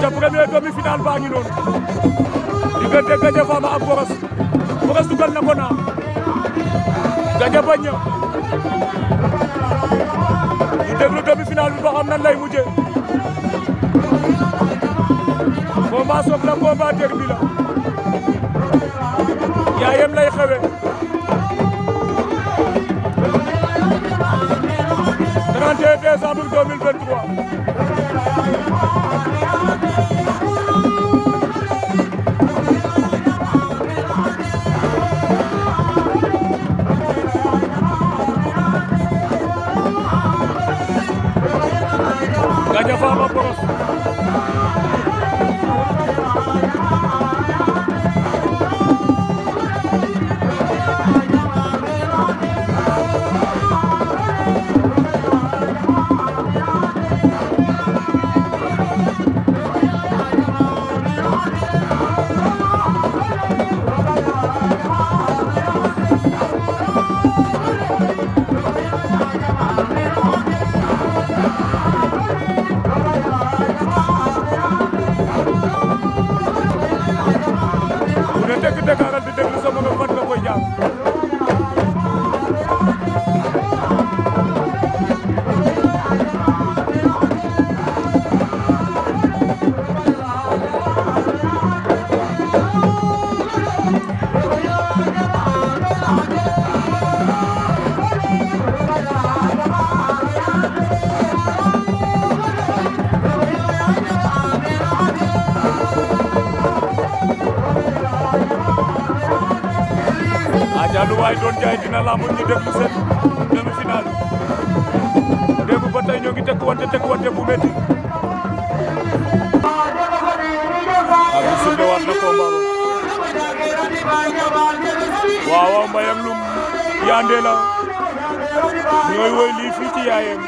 ca premier demi-finale baa ngi noonu diggante Gandia Fama ak Brosse Brosse dugal ko naa Gandia bañ na ñu déglu demi-finale bi ba xam nan lay mujjee combat soog la combat derby la yaayam lay xewee décembre 2023 Baye doon jaay ah, na combat ba waaw lum yaandee la ñooy woy lii fii ci yaayam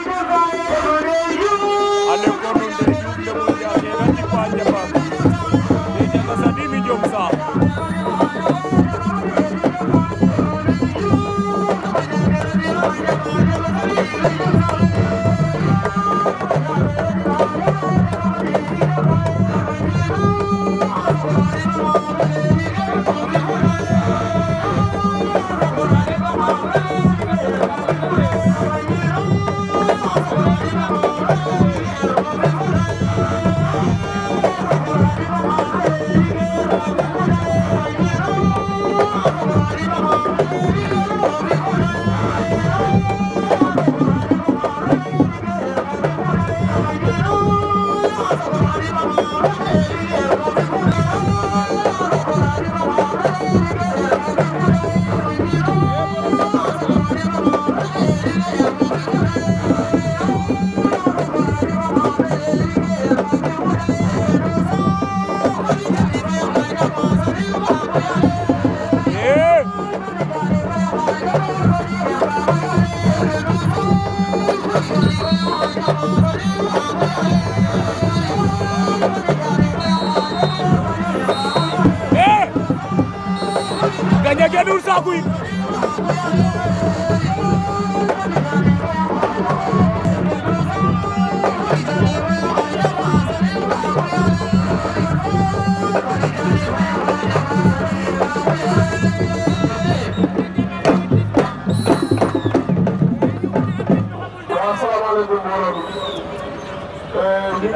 saaku yi ñu ngi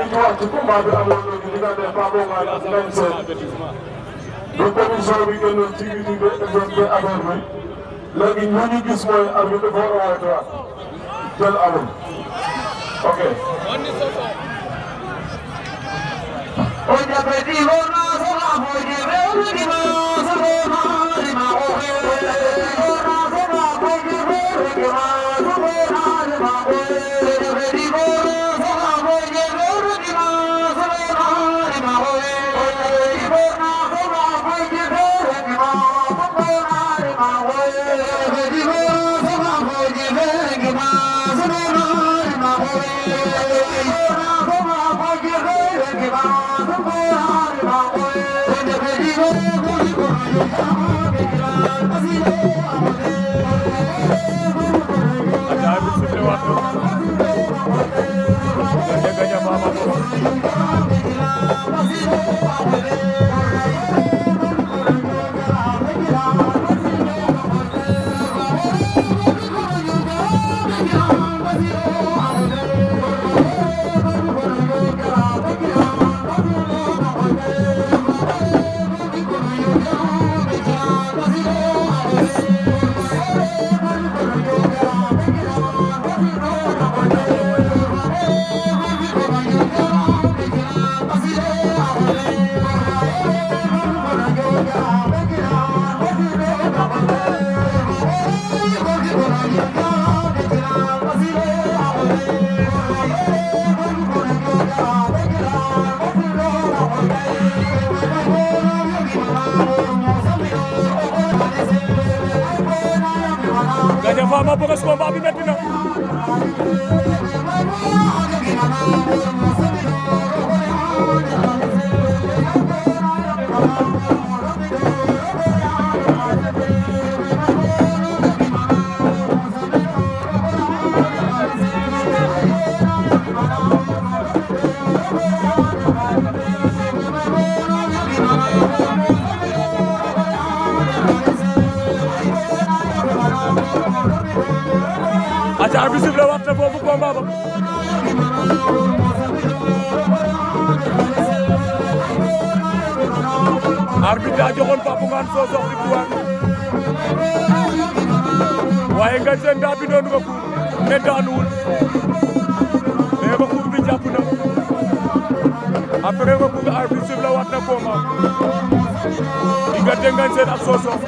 wax ci combat bi amoon léegi diggante Pape Oumar ak Ngagne Sène bi commission bi génnoon ci biir bi doon affaire bi léegi ñu ñu gis mooy arbitre dafa war a wootewaat jël amul ok. Okay. combat moo bëgg si combat bi métti na ca arbitre bi sifflé waat na foofu ba arbitre daa joxoon Pape Ngane Sokh victoire waaye Ngagne Sène daa bindoon ko ne daanuwul mais ba kuur bi jàpp na après ba kuur arbitre sifflé waat na combat diggante Ngagne Sène ak Sokh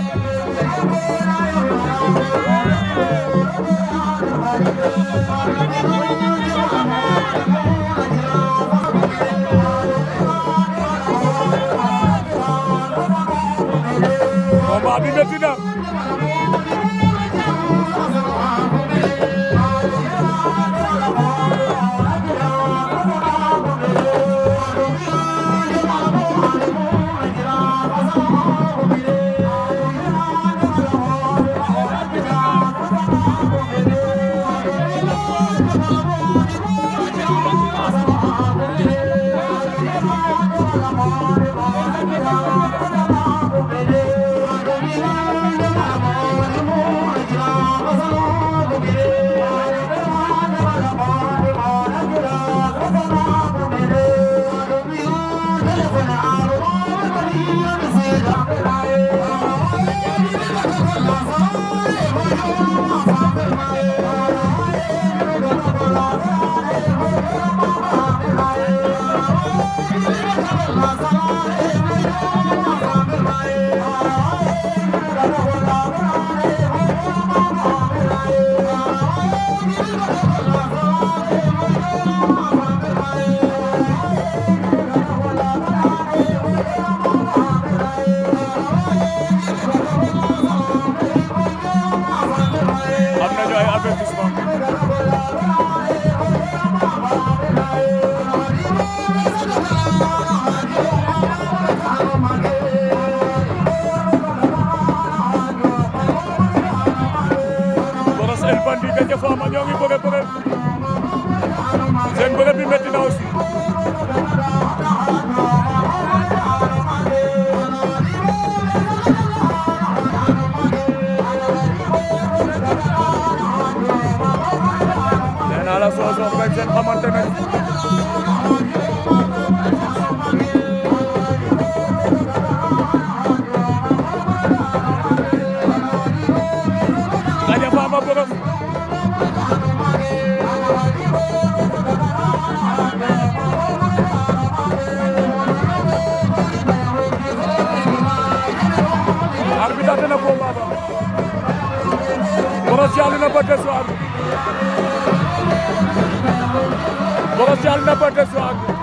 Fama ñoo ngi bëgg bëgg seen bëgg bi métti na aussi nee naa la soo soo fekk seen xamante nañ Thial na bëtt suwaag Boros Thial na bëtt suwaag